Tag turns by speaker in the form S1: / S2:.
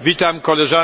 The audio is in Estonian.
S1: witam koleżanki